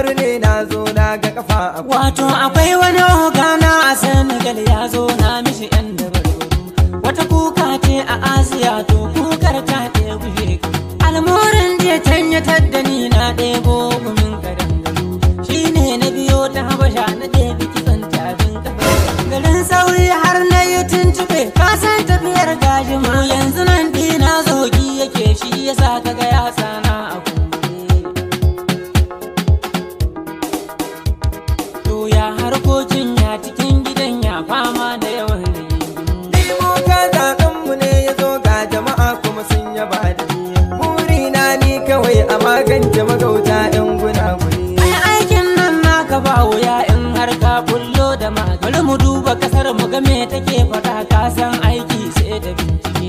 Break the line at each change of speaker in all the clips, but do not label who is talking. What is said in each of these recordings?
kamaru
ne na zo na ga kafa wato akwai wani ogana a senegal ya zo na mishi yan dabarbaru wata kuka ce a asiya to kukar ta ke guje almorin je can ya tadda ni na ɗebo gumin kadangaru shi ne na biyo ta habasha na ɗebi kisan tabin kafa garin sauri har na yi tuntube harka kullo da magani. mu duba kasar mu ga me take faɗa ka san aiki sai da bincike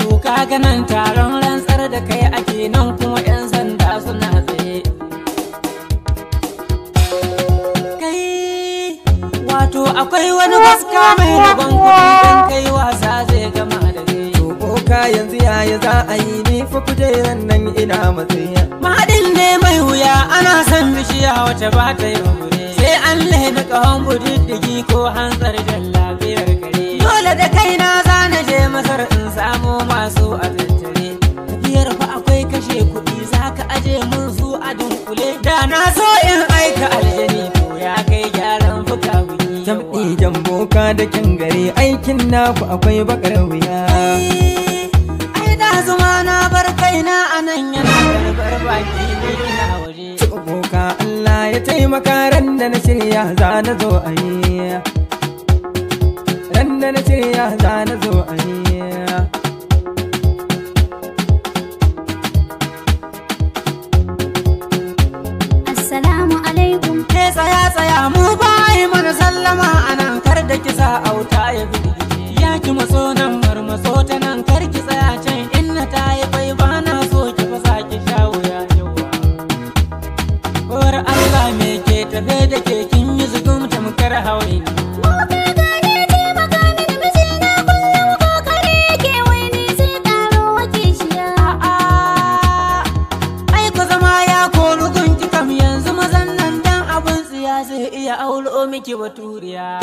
to ganin nan taron rantsar da kai ake nan kuma yan sanda suna tsaye
kai wato akwai wani waska mai rabon kuma za a yi ni fa kujeran nan ina matsiya
mahaɗin ne mai wuya ana son bishiya wace ba ta yi gure sai an laifi ƙahon budiddigi ko hantsar jan lafiyar kare dole da kaina za na je masar in samo masu a tattare tafiyar fa akwai kashe kuɗi za ka aje mun su a dunkule da na so in aika aljani ko ya kai gyaran fuka
jam'i jamboka da kin gare aikin naku akwai bakar wuya
zuma na bar kaina a nan yana karbar baki ne ina waje.
Boka Allah ya taimaka ran da na shirya za na zo a yi. Ran da na shirya za na zo a yi.
Eh, tsaya tsaya mu bai mana sallama nan kar da kisa auta ya bi miki baturiya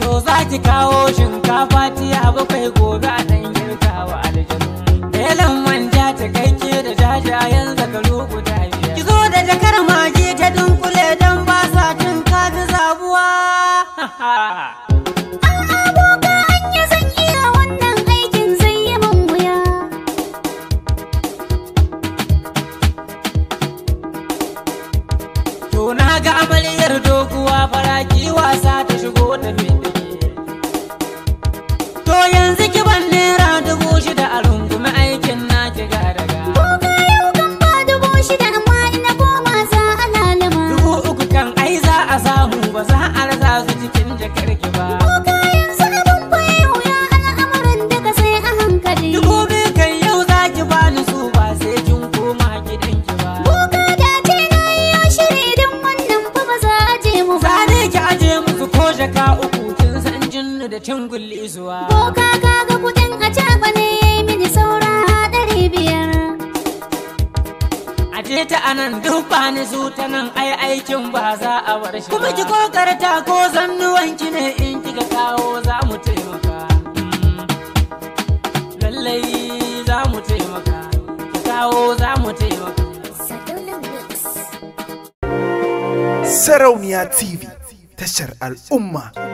to za ki kawo shinkafa tiya bakwai gobe a ɗan girka wa aljanu belan manja ta kai ke da jajaye ga amaliyar dokuwa faraki wasa ta shigo da cin gulli zuwa. Boka kaga kudin a caba ne ya yi mini saura ɗari biyar. Aje ta anan duk ba ni zu ta nan ai aikin ba za a bar shi. Kuma ki kokarta ko zannuwan ki ne in kika kawo za mu taimaka. Mm. Lallai za mu taimaka, kawo za mu taimaka.
Sarauniya TV, tashar al'umma.